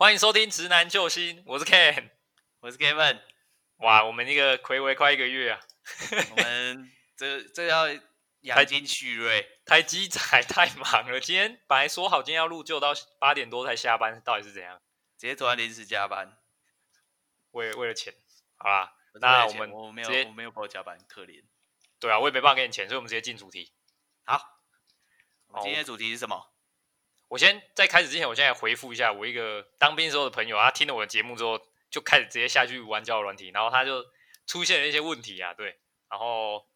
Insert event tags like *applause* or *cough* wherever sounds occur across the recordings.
歡迎收聽《直男救星》，我是 Ken，我是 Kevin。哇，我們那個睽違快一個月啊！ *laughs* 我們這這要養精蓄銳。太雞仔太忙了，今天本來說好今天要錄，就到八點多才下班，到底是怎樣？直接突然臨時加班，為為了錢。好啦，我是那我們直接我沒有我沒有包加班，可憐。對啊，我也沒辦法給你錢，所以我們直接進主題。好，今天的主題是什麼？我先在開始之前，我先來回復一下我一個當兵時候的朋友，他聽了我的節目之後，就開始直接下去玩交友軟體，然後他就出現了一些問題啊，對，然後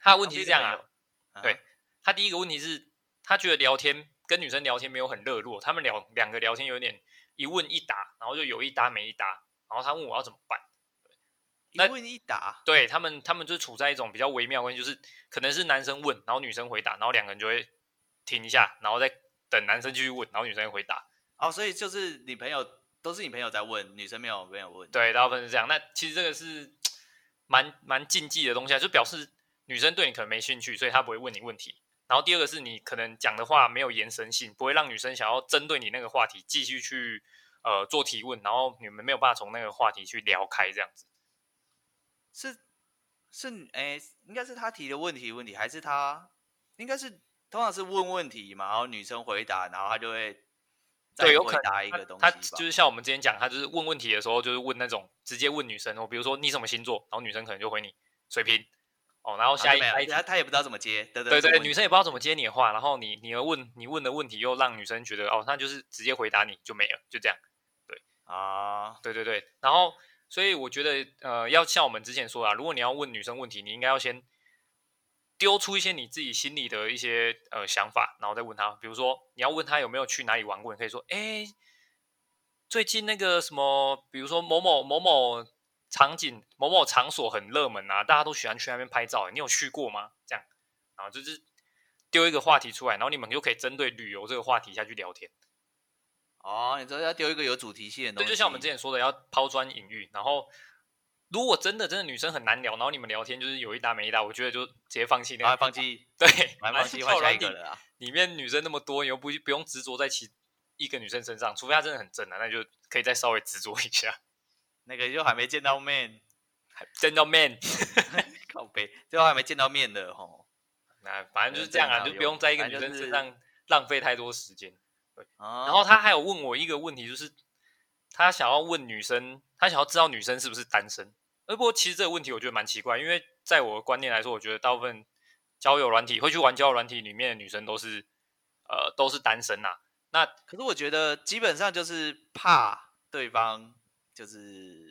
他的問題是這樣啊，對，他第一個問題是，他覺得聊天跟女生聊天沒有很熱絡，他們聊兩個聊天有點一問一答，然後就有一答沒一答，然後他問我要怎麼辦，對一問一答，對他們他們就處在一種比較微妙的關係，就是可能是男生問，然後女生回答，然後兩個人就會停一下，然後再。等男生繼續問，然後女生會回答。哦，所以就是你朋友都是你朋友在問，女生沒有沒有問。對，大部分是這樣。那其實這個是蠻蠻禁忌的東西啊，就表示女生對你可能沒興趣，所以她不會問你問題。然後第二個是你可能講的話沒有延伸性，不會讓女生想要針對你那個話題繼續去呃做提問，然後你們沒有辦法從那個話題去聊開這樣子。是是，哎、欸，應該是他提的問題問題，還是他應該是？通常是問問題嘛，然後女生回答，然後他就會對，有可能回答一個東西。他就是像我們之前講，他就是問問題的時候，就是問那種直接問女生，我比如說你什麼星座，然後女生可能就回你水瓶、嗯、哦，然後下一他他、啊啊、也不知道怎麼接，對對對，對，女生也不知道怎麼接你的話，然後你你要問你問的問題又讓女生覺得哦，那就是直接回答你就沒了，就這樣，對啊，對對對，然後所以我覺得呃，要像我們之前說啊，如果你要問女生問題，你應該要先。丟出一些你自己心裡的一些呃想法，然後再問他，比如說你要問他有沒有去哪裡玩過，你可以說：“哎、欸，最近那個什麼，比如說某某某某場景、某某場所很熱門啊，大家都喜歡去那邊拍照、欸，你有去過嗎？”這樣，然後就是丟一個話題出來，然後你們就可以針對旅遊這個話題下去聊天。哦，你知道要丟一個有主題性的，對，就像我們之前說的，要拋磚引玉，然後。如果真的真的女生很難聊，然後你們聊天就是有一搭沒一搭，我覺得就直接放棄掉，那個，還放棄、啊、對，蠻放棄換下一個啊。裡面女生那麼多，你又不不用執着在一個女生身上，除非她真的很正啊，那就可以再稍微執着一下。那個又還，還， *laughs* 還沒見到面，見到面靠北，最後還沒見到面的齁。那反正就是這樣啊，就不用在一個女生身上浪費太多時間、嗯、然後他還有問我一個問題，就是。他想要問女生，他想要知道女生是不是單身。呃，不過其實這個問題我覺得蠻奇怪，因為在我的觀念來說，我覺得大部分交友軟體會去玩交友軟體裡面的女生都是，呃，都是單身啊。那可是我覺得基本上就是怕對方就是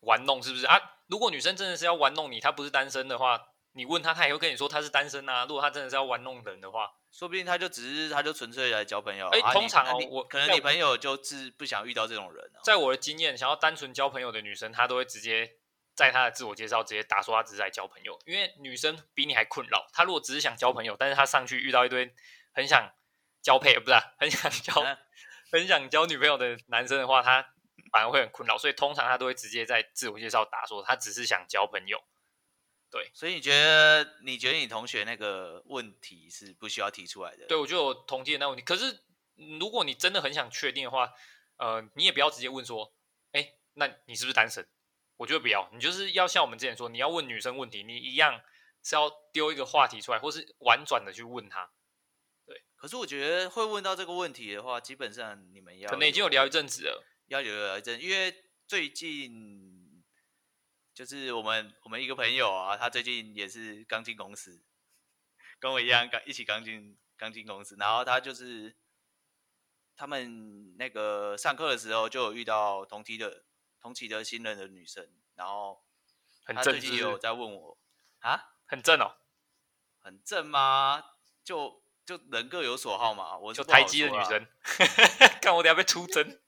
玩弄，是不是啊？如果女生真的是要玩弄你，她不是單身的話，你問她，她也會跟你說她是單身啊。如果她真的是要玩弄人的話。說不定他就只是，他就純粹來交朋友。哎、欸，通常我，哦啊、可能你朋友就是不想遇到這種人。哦。在我的經驗，想要單純交朋友的女生，她都會直接在她的自我介紹直接打說她只是來交朋友，因為女生比你還困擾。她如果只是想交朋友，但是她上去遇到一堆很想交配，欸，不是、啊，很想交，很想交女朋友的男生的話，她反而會很困擾。所以通常她都會直接在自我介紹打說她只是想交朋友。對，所以你覺得你覺得你同學那個問題是不需要提出來的？對，我覺得我同屆那問題，可是如果你真的很想確定的話，呃，你也不要直接問說，欸，那你是不是單身？我覺得不要，你就是要像我們之前說，你要問女生問題，你一樣是要丟一個話題出來，或是婉轉的去問她。對，可是我覺得會問到這個問題的話，基本上你們要可能已經有聊一陣子了，要有聊一陣，因為最近。就是我們我們一個朋友啊，他最近也是剛進公司，跟我一樣剛一起剛進剛進公司，然後他就是他們那個上課的時候就有遇到同期的同期的新人的女生，然後他最近也有在問我，是不是啊，很正哦，很正嗎？就就人各有所好嘛，我、啊、就台積的女生，看 *laughs* 我等下被出征。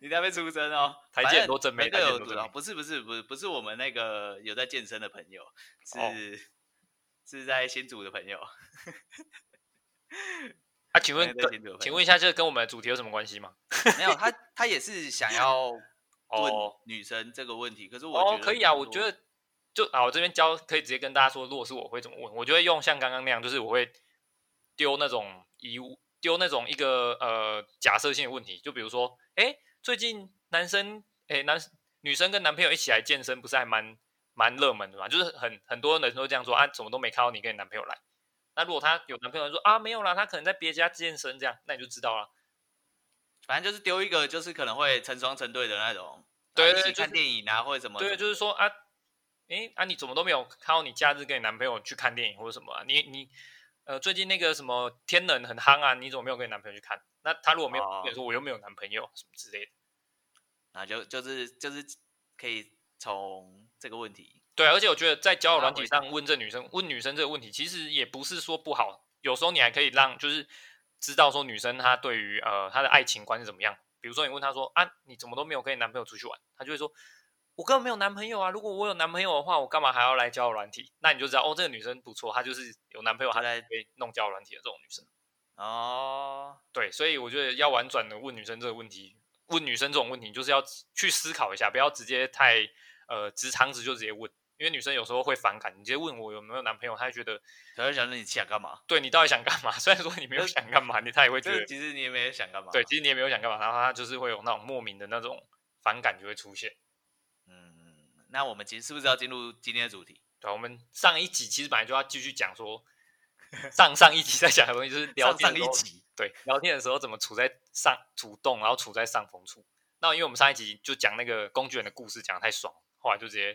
你在那邊出生哦，台積很多真沒看到。不是不是不是不是我們那個有在健身的朋友，是、哦、是在先祖的朋友。 *laughs* 啊，請問請問一下，這個跟我們的主題有什麼關係嗎？沒有，他他也是想要問女生這個問題。 *laughs* 哦、可是我覺得哦，可以啊，我覺得就啊，我這邊教可以直接跟大家說，如果是我會怎麼問，我就會用像剛剛那樣，就是我會丟那種物，丟那種一個呃假設性的問題，就比如說。哎、欸，最近男生哎、欸、男女生跟男朋友一起來健身，不是還蠻蠻熱門的嘛？就是很很多人都這樣說啊，怎麼都沒看到你跟你男朋友來？那如果他有男朋友說啊，沒有啦，他可能在別家健身這樣，那你就知道了。反正就是丟一個，就是可能會成雙成對的那種，嗯啊、對對，對、就是，一起看電影啊或者什麼，什麼。對，就是說啊，哎、欸、啊，你怎麼都沒有看到你假日跟你男朋友去看電影或者什麼啊？你你。呃，最近那個什麼天冷很夯啊，你怎麼沒有跟你男朋友去看？那他如果沒有，oh. 比如說我又沒有男朋友什麼之類的，那就就是就是可以從這個問題。對啊，而且我覺得在交友軟體上問這女生問女生這個問題，其實也不是說不好，有時候你還可以讓就是知道說女生她對於呃她的愛情觀是怎麼樣。比如說你問她說啊，你怎麼都沒有跟你男朋友出去玩，她就會說。我根本沒有男朋友啊！如果我有男朋友的話，我幹嘛還要來交友軟體？那你就知道哦，這個女生不錯，她就是有男朋友還在被弄交友軟體的這種女生。哦，對，所以我覺得要婉轉的問女生這個問題，問女生這種問題，就是要去思考一下，不要直接太呃直腸子就直接問，因為女生有時候會反感。你直接問我有沒有男朋友，她會覺得她想着你想幹嘛？對，你到底想幹嘛？雖然說你沒有想干嘛，你 *laughs* 她也會覺得其實你也沒有想幹嘛。對，其實你也沒有想幹嘛，然後她就是會有那種莫名的那種反感就會出現。那我們其實是不是要進入今天的主題？對、啊，我們上一集其實本來就要繼續講說，上上一集在講的東西就是聊天 *laughs* 上上一集，對，聊天的時候怎麼處在上主動，然後處在上風處。那因為我們上一集就講那個工具人的故事講的太爽，後來就直接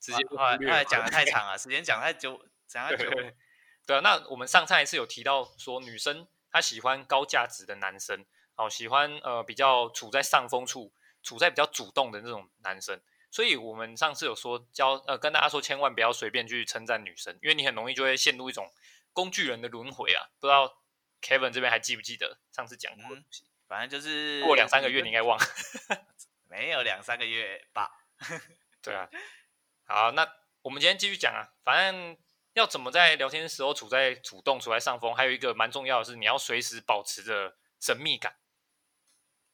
直接、啊直接啊、後來講的太長了、啊， *laughs* 時間講太久，講太久。 *laughs* 對、啊、那我們上上一次有提到說，女生她喜歡高價值的男生，哦，喜歡呃比較處在上風處、處在比較主動的那種男生。所以我們上次有說教呃，跟大家說千萬不要隨便去稱讚女生，因為你很容易就會陷入一種工具人的輪迴啊。不知道 Kevin 這邊還記不記得上次講過的東西？嗯，反正就是過兩三個月你應該忘了，沒有兩三個月吧？ *laughs* 對啊，好，那我們今天繼續講啊。反正要怎麼在聊天的時候處在主動、處在上風，還有一個蠻重要的是，你要隨時保持着神秘感。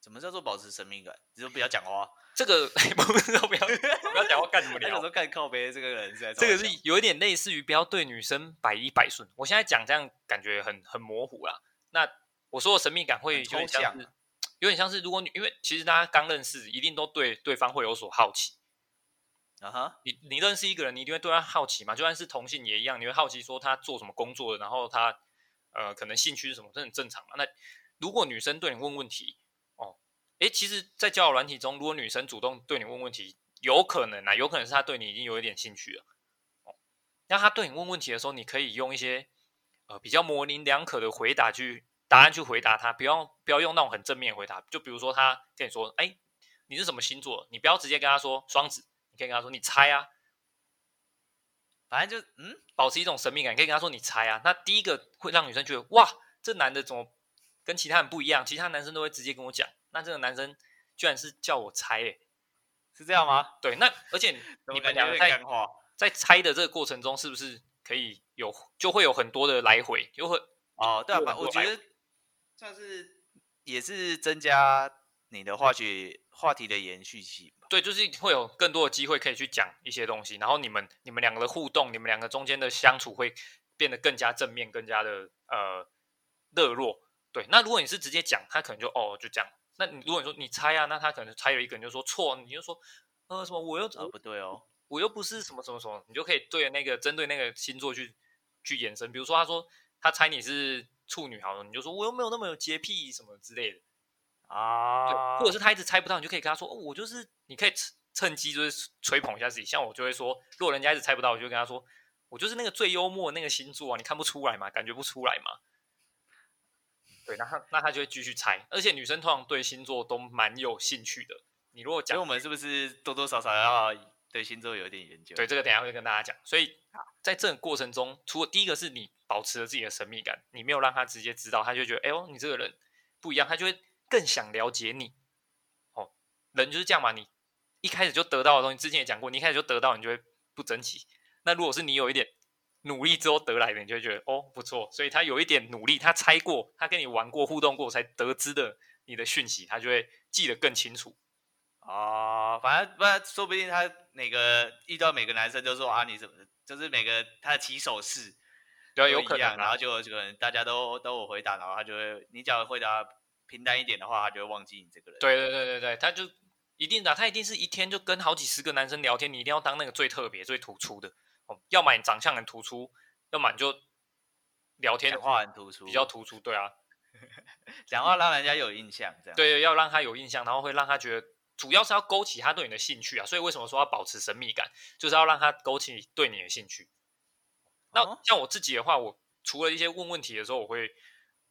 怎麼叫做保持神秘感？你就不要講話。這 *laughs* 個不要不要講，我幹什麼聊？說幹靠這個人是？這個是有一點類似於不要對女生百依百順。我現在講這樣感覺很很模糊啊。那我說的神秘感會就是像有點像是，如果因為其實大家剛認識，一定都對對方會有所好奇。啊哈，你你認識一個人，你一定會對他好奇嘛？就算是同性也一樣，你會好奇說他做什麼工作，然後他呃可能興趣是什麼，這很正常嘛。那如果女生對你問問題？哎、欸，其實，在交友軟體中，如果女生主動對你問問題，有可能啊，有可能是她對你已經有一點興趣了。哦，那她對你問問題的時候，你可以用一些呃比較模棱兩可的回答去答案去回答她，不要不要用那種很正面回答。就比如說，她跟你說：“哎、欸，你是什麼星座？”你不要直接跟她說雙子，你可以跟她說：“你猜啊。”反正就嗯，保持一種神秘感，你可以跟她說：“你猜啊。”那第一個會讓女生覺得哇，這男的怎麼跟其他人不一樣？其他男生都會直接跟我講。那這個男生居然是叫我猜誒、欸，是這樣嗎？嗯、對，那而且你們兩個在 *laughs* 話在猜的這個過程中，是不是可以有，就會有很多的來回？就會，哦，對啊，我覺得算是也是增加你的話題話題的延續性。對，就是會有更多的機會可以去講一些東西，然後你們你們兩個的互動，你們兩個中間的相處會變得更加正面，更加的呃熱絡。對，那如果你是直接講，他可能就哦就這樣。那你如果你說你猜啊，那他可能猜有一個人就說錯，你就說，呃，什麼我又、啊、不對哦，我又不是什麼什麼什麼，你就可以對那個針對那個星座去去延伸，比如說他說他猜你是處女好，你就說我又沒有那麼有潔癖什麼之類的啊，或者是他一直猜不到，你就可以跟他說、哦、我就是，你可以趁機就是吹捧一下自己，像我就會說，如果人家一直猜不到，我就跟他說我就是那個最幽默的那個星座啊，你看不出來嘛，感覺不出來嘛。對，那他那他就會繼續猜，而且女生通常對星座都蠻有興趣的。你如果講，所以我們是不是多多少少要對星座有點研究？對，這個等下會跟大家講。所以，在這個過程中，除了第一個是你保持了自己的神秘感，你沒有讓他直接知道，他就覺得，哎喲，你這個人不一樣，他就會更想了解你。哦，人就是這樣嘛，你一開始就得到的東西，之前也講過，你一開始就得到，你就會不珍惜。那如果是你有一點。努力之後得來的，你就會覺得哦，不錯，所以他有一點努力，他猜過，他跟你玩過、互動過，才得知的你的訊息，他就會記得更清楚。哦、呃，反正不然，說不定他每個遇到每個男生都說啊，你怎麼就是每個他的起手式，對、啊、有可能、啊，然後就這個人大家都都有回答，然後他就會，你只要回答平淡一點的話，他就會忘記你這個人。對對對對對，他就一定的，他一定是一天就跟好幾十個男生聊天，你一定要當那個最特別、最突出的。要麼你長相很突出，要麼你就聊天的話，講話很突出，比較突出，對啊，講 *laughs* 話讓人家有印象， *laughs* 這樣對，要讓他有印象，然後會讓他覺得，主要是要勾起他對你的興趣啊。所以為什麼說要保持神秘感，就是要讓他勾起對你的興趣。啊哦、那像我自己的話，我除了一些問問題的時候，我會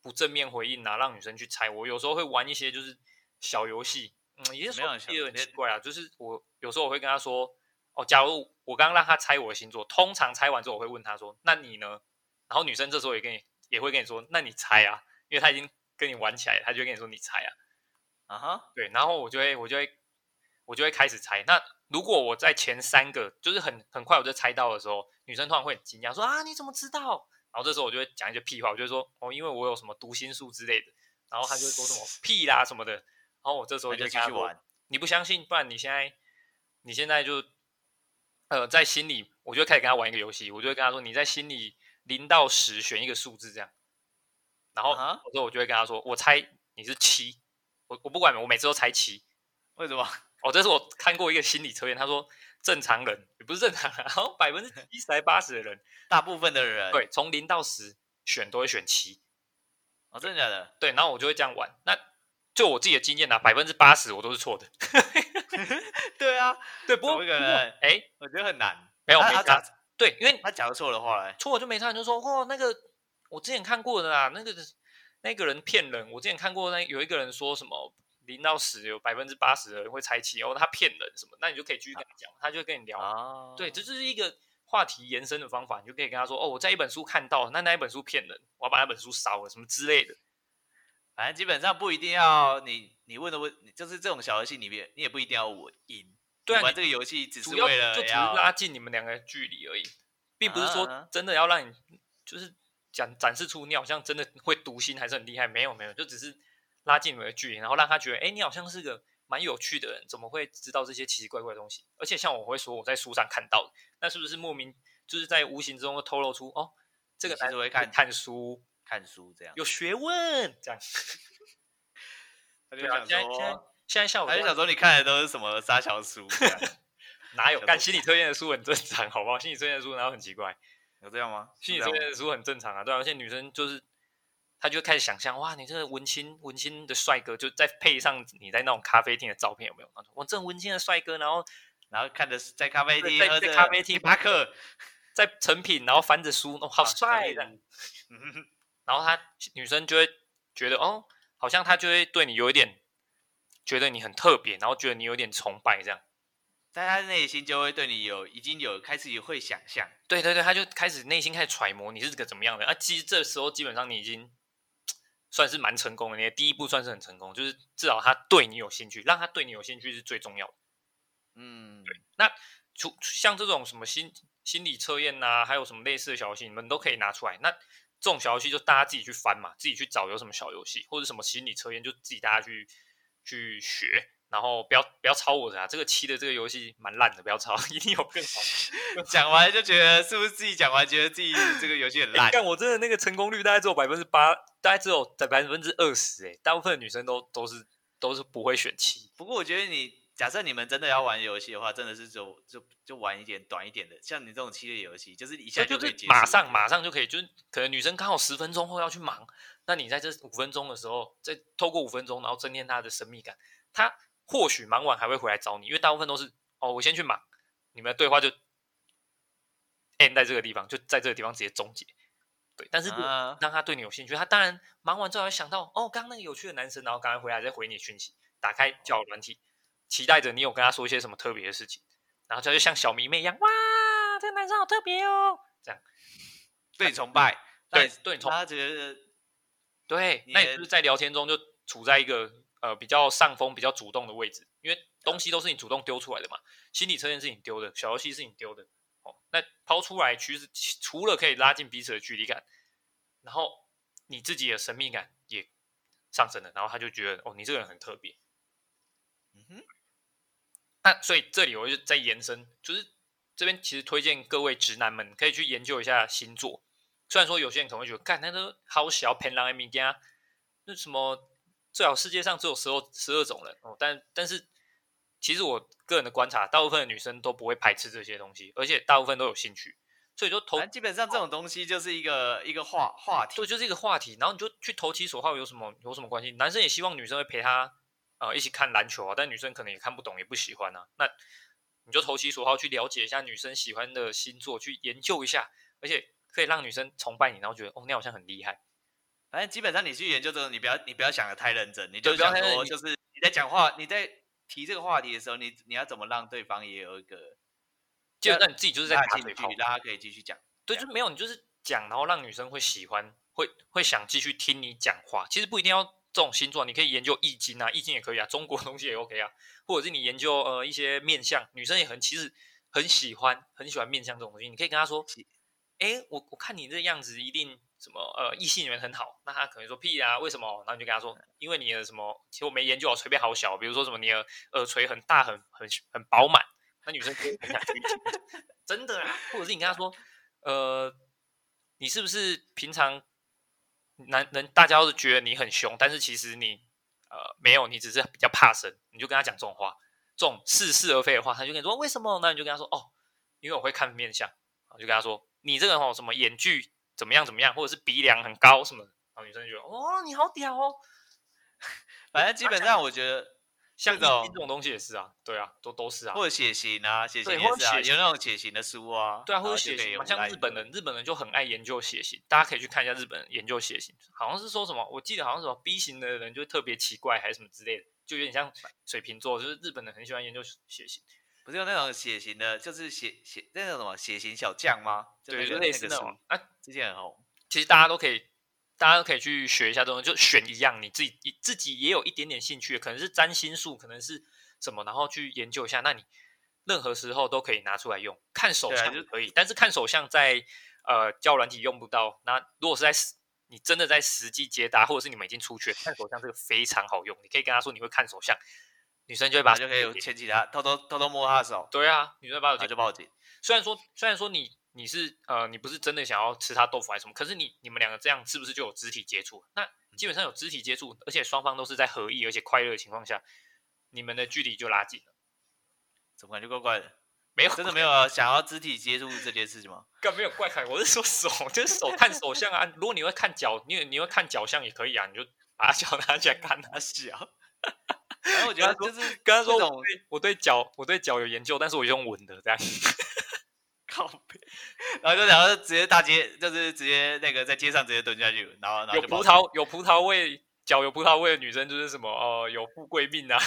不正面回應啊，讓女生去猜。我有時候會玩一些就是小遊戲，嗯，也有些遊戲很奇怪啊，就是我有時候我會跟他說，哦，假如。我剛剛讓他猜我的星座，通常猜完之後，我會問他說：“那你呢？”然後女生這時候也跟你也會跟你說：“那你猜啊！”因為她已經跟你玩起來了，她就會跟你說：“你猜啊！”啊哈，對。然後我就會我就會我就會開始猜。那如果我在前三個，就是很很快我就猜到的時候，女生突然會很驚訝說：“啊，你怎麼知道？”然後這時候我就會講一些屁話，我就會說：“哦，因為我有什麼讀心術之類的。”然後她就會說什麼“ *laughs* 屁啦”什麼的。然後我這時候就，就繼續玩。你不相信？不然你現在你現在就。呃，在心裡，我就開始跟他玩一個遊戲，我就會跟他說：“你在心裡零到十選一個數字，這樣。”然後，我說：“我就會跟他說，我猜你是七，我我不管，我每次都猜七，為什麼？哦，這是我看過一個心理測驗，他說正常人也不是正常人，然後百分之七十還八十的人， *laughs* 大部分的人，對，從零到十選都會選七。哦，真的假的？對，然後我就會這樣玩。那就我自己的經驗呢，百分之八十我都是錯的。 *laughs* ” *laughs* 對啊，對，不過哎，我覺得很難。沒有他，沒他講，對，因為他講錯的話咧，錯就沒他，你就說哦，那個我之前看過的啦，那個那個人騙人。我之前看過的那有一個人說什麼零到十有百分之八十的人會猜七，哦，然後他騙人什麼，那你就可以繼續跟他講，啊，他就跟你聊。啊、對，這就是一個話題延伸的方法，你就可以跟他說哦，我在一本書看到那那一本書騙人，我要把那本書燒了什麼之類的。反、哎、正基本上不一定要你。你問的問，你就是這種小遊戲裡面，你也不一定要我贏。對啊，這個遊戲只是為了要要就只拉近你們兩個的距離而已，並不是說真的要讓你就是展展示出你好像真的會讀心還是很厲害。沒有沒有，就只是拉近你們的距離，然後讓他覺得哎、欸、你好像是個蠻有趣的人，怎麼會知道這些奇奇怪怪的東西？而且像我會說我在書上看到，那是不是莫名就是在無形之中透露出哦這個男生會看看書看書這樣有學問這樣。 *laughs* 他就想說：“現在現在，我小、啊、時候你看的都是什麼殺小書？ *laughs* 哪有？看 *laughs* 心理推薦的書很正常，好不好？心理推薦的書然後很奇怪？有這樣嗎？心理推薦的書很正常啊，對啊。而且女生就是，她就開始想象，哇，你這個文青，文青的帥哥，就再配上你在那種咖啡廳的照片，有沒有？哇，這個、文青的帥哥，然後然後看着在咖啡廳，在咖啡廳巴、欸、克，在成品，然後翻着書，哦，好帥的。啊帥的嗯、 *laughs* 然後她女生就會覺得，哦。”好像他就會對你有一點覺得你很特別，然後覺得你有點崇拜這樣，在他的內心就會對你有已經有開始也會想象，對對對，他就開始內心開始揣摩你是個怎麼樣的啊。其實這時候基本上你已經算是蠻成功的，你的第一步算是很成功，就是至少他對你有興趣，讓他對你有興趣是最重要的。嗯，那出像這種什麼心心理測驗吶，還有什麼類似的小遊戲，你們都可以拿出來。那這種小遊戲就大家自己去翻嘛，自己去找有什麼小遊戲或者什麼心理測驗，就自己大家去去學，然後不要不要抄我的啊！這個七的這個遊戲蠻爛的，不要抄，一定有更好的。講 *laughs* 完就覺得 *laughs* 是不是自己講完覺得自己這個遊戲很爛？但、欸、我真的那個成功率大概只有百分之八，大概只有在百分之二十哎，大部分的女生都都是都是不會選七。不過我覺得你。假設你們真的要玩遊戲的話，真的是就就就玩一點短一點的，像你這種系列遊戲，就是一下就可以結束。對對對，馬上馬上就可以，就是可能女生剛好十分鐘後要去忙，那你在這五分鐘的時候，再透過五分鐘，然後增添她的神秘感，她或許忙完還會回來找你，因為大部分都是哦，我先去忙，你們的對話就 end，在這個地方，就在這個地方直接終結。對，但是讓她對你有興趣，她、啊、當然忙完之後還想到哦，剛剛那個有趣的男生，然後趕快回來再回你訊息，打開交友軟體。嗯期待着你有跟他說一些什麼特別的事情，然後他就像小迷妹一樣，哇，這個男生好特別哦，這樣、嗯、對你崇拜，嗯、對但對你崇拜，對。你那你是不是在聊天中就處在一個呃比較上風、比較主動的位置，因為東西都是你主動丟出來的嘛，嗯、心理測驗是你丟的，小遊戲是你丟的，哦，那拋出來其實除了可以拉近彼此的距離感，然後你自己的神秘感也上升了，然後他就覺得哦，你這個人很特別，嗯哼。那、啊、所以這裡我就再延伸，就是這邊其實推薦各位直男們可以去研究一下星座。雖然說有些人可能會覺得，幹，那都、個、好小偏郎的物件，那什麼最好世界上只有十二、十二種人哦。但但是其實我個人的觀察，大部分的女生都不會排斥這些東西，而且大部分都有興趣。所以說投基本上這種東西就是一個、哦、一個話話題，對，就是一個話題。然後你就去投其所好，有什麼有什麼關係？男生也希望女生會陪他。啊、呃，一起看籃球啊，但女生可能也看不懂，也不喜歡啊。那你就投其所好，去了解一下女生喜歡的星座，去研究一下，而且可以讓女生崇拜你，然後覺得哦，你好像很厲害。反、欸、正基本上你去研究這個，你不要你不要想的太認真，你就不要說就是你在講話你，你在提這個話題的時候，你你要怎麼讓對方也有一個，啊、就那你自己就是在拉進去，大家可以繼續講。對，就沒有你就是講，然後讓女生會喜歡，會會想繼續聽你講話。其實不一定要。這種星座你可以研究易經啊，易經也可以啊，中國的東西也 OK 啊，或者是你研究呃一些面相，女生也很其實很喜歡很喜歡面相這種東西，你可以跟她說，哎、欸，我我看你這個樣子一定什麼呃異性緣很好，那她可能說屁啊，為什麼？然後你就跟她說，因為你的什麼，其實我沒研究啊，垂邊好小，比如說什麼你的耳垂很大很很很飽滿，那女生可以很想聽， *laughs* 真的啊，或者是你跟她說，呃，你是不是平常？男人，人，大家都是覺得你很凶，但是其實你，呃，沒有，你只是比較怕生，你就跟他講這種話，這種似是而非的話，他就跟你說為什麼？那你就跟他說哦，因為我會看面相，我就跟他說你這個人哦什麼眼距怎麼樣怎麼樣，或者是鼻梁很高什麼的，然後女生就覺得哦，你好屌哦，反 *laughs* 正基本上我覺得。像這種東西也是啊，對啊，都都是啊。或者血型啊，血型也是啊，有那種血型的書啊。對啊，或者血型，像日本人，日本人就很愛研究血型，大家可以去看一下日本研究血型。好像是說什麼，我記得好像是什麼 B 型的人就特別奇怪，還是什麼之類的，就有點像水瓶座，就是日本人很喜歡研究血型。不是有那種血型的，就是血型。那種、個、什麼血型小將嗎？對，就類似那種，哎，這件很好。其實大家都可以。大家可以去學一下這種，就選一樣你自己自己也有一點點興趣，可能是占星術，可能是什麼，然後去研究一下。那你任何時候都可以拿出來用，看手相就可以。啊、但是看手相在呃交軟體用不到。那如果是在你真的在實際接答，或者是你們已經出去，看手相這個非常好用。你可以跟他說你會看手相，女生就會把就可以牽起他，啊，偷偷偷偷摸他的手。對啊，女生把手機就報警。雖然說雖然說你。你是呃，你不是真的想要吃他豆腐還是什麼？可是你你們兩個這樣是不是就有肢體接觸？那基本上有肢體接觸，而且雙方都是在合意而且快樂的情況下，你們的距離就拉近了。怎麼感覺怪怪的？沒、哦、有，真的沒有啊。想要肢體接觸這件事情嗎？ *laughs* 更沒有怪怪，我是說手，就是手看手相啊。 *laughs* 如果你會看腳，你你會看腳相也可以啊。你就把腳拿起來看他腳。然 *laughs* 後、啊、我覺得就是跟他說，我對腳我對腳有研究，但是我用穩的這樣。 *laughs* 然後就然後直接大街就是直接那個在街上直接蹲下去，然後然後有葡萄有葡萄味腳有葡萄味的女生就是什麼哦，有富貴命啊。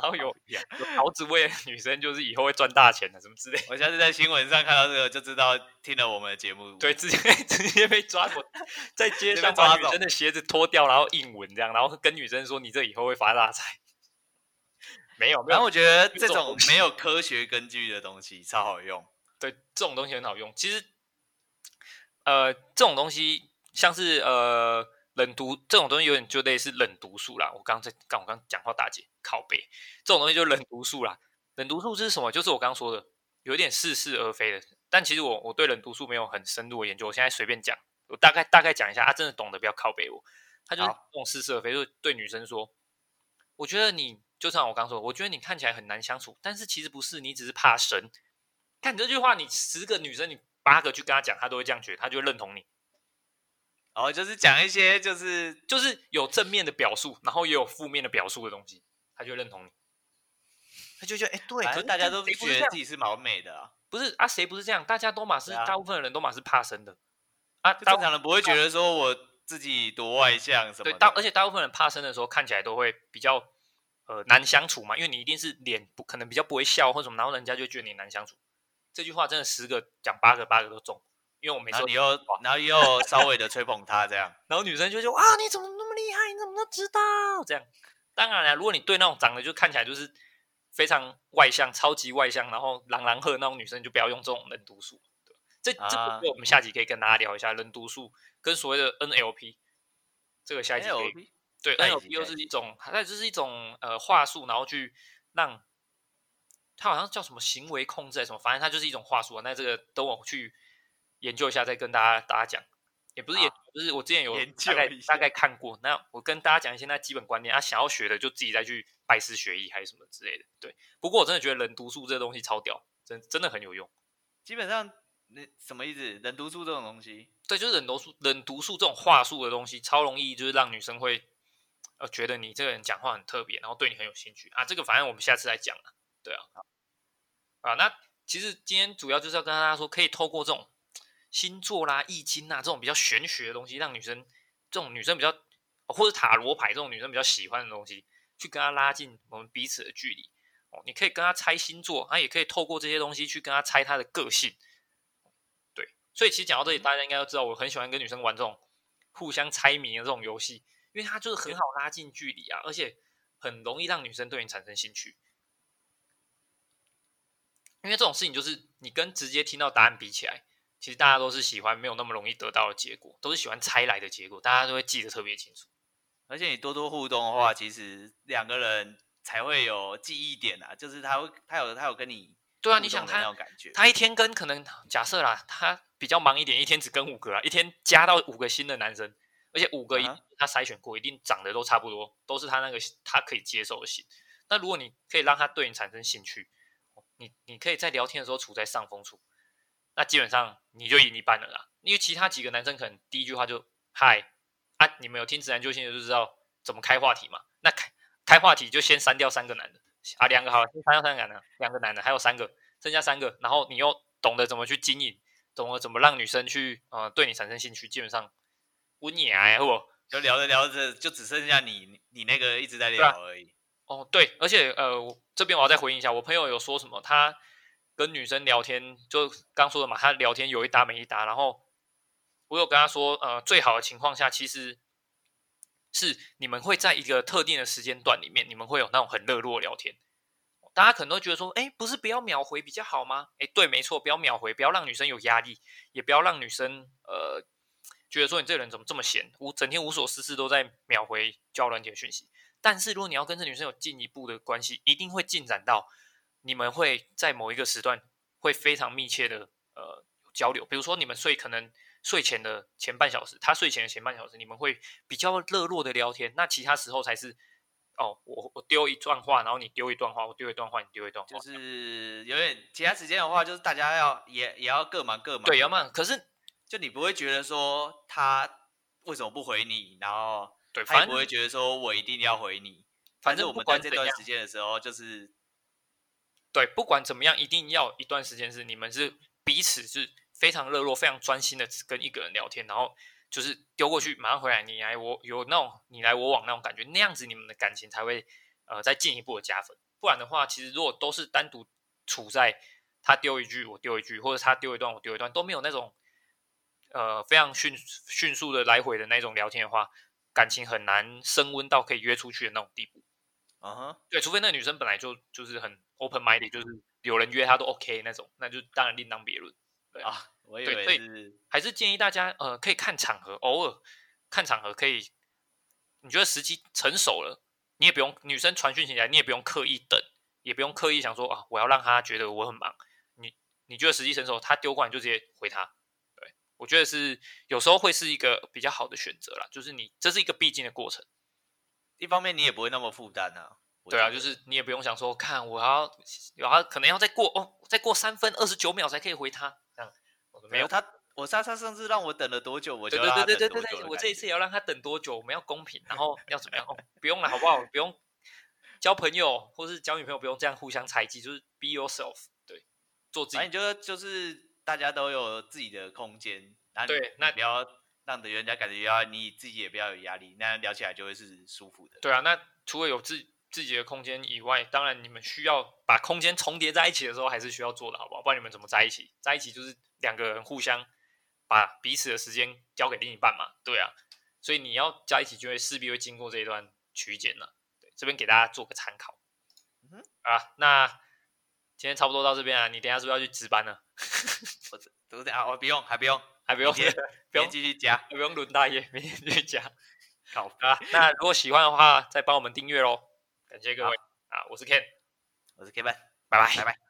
然後有好有桃子味的女生就是以後會賺大錢的、啊、什麼之類。我下次在新聞上看到這個就知道聽了我們的節目，對，直接直接被抓過，在街上把女生的鞋子脫掉，然後硬吻這樣，然後跟女生說你這以後會發大財。沒有，沒有，然後我覺得這種沒有科學根據的東西超好用。對，這種東西很好用。其實，呃，這種東西像是呃冷讀這種東西，有點就類似冷讀術啦。我剛才剛我剛講話打結，靠北，這種東西就冷讀術啦。冷讀術是什麼？就是我剛剛說的，有一點似是而非的。但其實我我對冷讀術沒有很深入的研究，我現在隨便講，我大概大概講一下。他、啊、真的懂得，不要靠北我。他就是這種似是而非，就對女生說，我覺得你就像我剛說，我覺得你看起來很難相處，但是其實不是，你只是怕神。看你這句話，你十個女生，你八個去跟她講，她都會這樣覺得，她就會認同你。然後就是講一些，就是、就是、就是有正面的表述，然後也有負面的表述的東西，她就認同你。她就覺得，哎、欸，對，可是大家都覺得自己是滿美的，啊欸不，不是啊？誰不是這樣？大家都嘛是，啊，大部分的人都嘛是怕生的啊。正常人不會覺得說我自己多外向什麼的，嗯。對，大而且大部分人怕生的時候，看起來都會比較呃難相處嘛，因為你一定是臉不可能比較不會笑或什麼，然後人家就覺得你難相處。這句話真的十個講八個，八個都中，因為我沒說你又然後又稍微的吹捧她這樣， *laughs* 然後女生就說啊你怎麼那麼厲害，你怎麼都知道這樣？當然了，如果你對那種長得就看起來就是非常外向、超級外向，然後朗朗赫那種女生，你就不要用這種人讀書這這，啊、這我們下集可以跟大家聊一下人讀書跟所謂的 NLP。這個下集可以 NLP? 對 NLP 又是一種，還就是一種呃話術，然後去讓。它好像叫什麼行為控制還是什麼，反正它就是一種話術，啊。那這個等我去研究一下，再跟大家大家講。也不是研，不、啊就是我之前有大概，研究大、概大概看過。那我跟大家講一些那基本觀念啊，想要學的就自己再去拜師學藝還是什麼之類的。對，不過我真的覺得冷讀術這個東西超屌，真真的很有用。基本上，那什麼意思？冷讀術這種東西，對，就是冷讀術冷讀術這種話術的東西超容易，就是讓女生會呃覺得你這個人講話很特別，然後對你很有興趣啊。這個反正我們下次再講了。對啊好，啊，那其實今天主要就是要跟大家說，可以透過這種星座啦、啊、易經啊這種比較玄學的東西，讓女生這種女生比較，或者塔羅牌這種女生比較喜歡的東西，去跟她拉近我們彼此的距離哦。你可以跟她猜星座，她、啊、也可以透過這些東西去跟她猜她的個性。對，所以其實講到這裡，大家應該都知道，我很喜歡跟女生玩這種互相猜謎的這種遊戲，因為它就是很好拉近距離啊，而且很容易讓女生對你產生興趣。因為這種事情，就是你跟直接聽到答案比起來，其實大家都是喜歡沒有那麼容易得到的結果，都是喜歡猜來的結果，大家都會記得特別清楚。而且你多多互動的話，其實兩個人才會有記憶點啊，就是他會，他有他有跟你對啊，你想他那種感覺，他一天跟，可能，假設啦，他比較忙一點，一天只跟五個啊，一天加到五個新的男生，而且五個一他篩選過，啊，一定長得都差不多，都是他那個他可以接受的型。那如果你可以讓他對你產生興趣。你你可以在聊天的時候處在上風處，那基本上你就贏一半了啦。因為其他幾個男生可能第一句話就嗨啊，你沒有聽自然就現在就知道怎麼開話題嘛。那開開話題就先刪掉三個男的啊，兩個好先刪掉三個男的，兩個男的還有三個，剩下三個，然後你又懂得怎麼去經營，懂得怎麼讓女生去啊對你產生興趣，基本上溫牙呀，或就聊着聊着就只剩下你你那個一直在聊而已。啊，哦，對，而且呃。這邊我要再回應一下，我朋友有說什麼？他跟女生聊天，就剛說的嘛，他聊天有一搭沒一搭。然後我有跟他說，呃，最好的情況下，其實是你們會在一個特定的時間段裡面，你們會有那種很熱絡的聊天。大家可能都覺得說，哎、欸，不是不要秒回比較好嗎？哎、欸，對，沒錯，不要秒回，不要讓女生有壓力，也不要讓女生呃覺得說你這個人怎麼這麼閒，我整天無所事事都在秒回交友軟體的訊息。但是如果你要跟這女生有進一步的關係，一定會進展到你們會在某一個時段會非常密切的呃交流。比如說你們睡可能睡前的前半小時，她睡前的前半小時，你們會比較熱絡的聊天。那其他時候才是哦，我我丟一段話，然後你丟一段話，我丟一段話，你丟一段話，就是有點其他時間的話，就是大家要也也要各忙各忙。對，要忙。可是就你不會覺得說他為什麼不回你，然後？對，反正不會覺得說我一定要回你。嗯，反正我們在這段時間的時候，就是對，不管怎麼樣，一定要一段時間是你們是彼此是非常熱絡、非常專心的，只跟一個人聊天，然後就是丟過去馬上回來，你來我有那種你來我往那種感覺，那樣子你們的感情才會呃再進一步的加分。不然的話，其實如果都是單獨處在他丟一句我丟一句，或者他丟一段我丟一段，都沒有那種呃非常迅迅速的來回的那種聊天的話。感情很難升溫到可以約出去的那種地步。uh，啊 -huh. 對，除非那女生本來就就是很 open-minded，就是有人約她都 OK 那種，那就當然另當別論。對啊，對，uh, 我以為是，對，對，所以還是建議大家，呃，可以看場合，偶爾看場合可以，你覺得時機成熟了，你也不用女生傳訊起來，你也不用刻意等，也不用刻意想說啊，我要讓她覺得我很忙，你你覺得時機成熟，她丟過來就直接回她。我覺得是有時候會是一個比較好的選擇啦，就是你這是一個必經的過程。一方面你也不會那麼負擔啊、嗯。對啊，就是你也不用想說，看我要，我、嗯、要可能要再過哦，再過三分二十九秒才可以回他。這樣，嗯、沒有他，我他他甚至讓我等了多久？我就要讓他等多久。對對對對對對對，我這一次也要讓他等多久？我們要公平，然後要怎麼樣？ *laughs* 哦、不用了，好不好？不用交朋友，或是交女朋友，不用這樣互相猜忌，就是 be yourself，對，做自己。啊、你覺得就是？大家都有自己的空間，對，那你不要讓人家感覺要你自己也不要有壓力，那聊起來就會是舒服的。對啊，那除了有自自己的空間以外，當然你們需要把空間重疊在一起的時候，還是需要做的，好不好？不然你們怎麼在一起？在一起就是兩個人互相把彼此的時間交給另一半嘛。對啊，所以你要在一起，就會勢必會經過這一段取捨了。對，這邊給大家做個參考。嗯哼啊，那今天差不多到這邊啊，你等一下是不是要去值班呢？不，我在啊！我不用，還不用，還不用，不用繼續我不用輪大爺，不用繼續加，好吧。那如果喜歡的話，再幫我們訂閱嘍，感謝各位啊，啊！我是 Ken，我是 Kevin，拜拜，拜拜。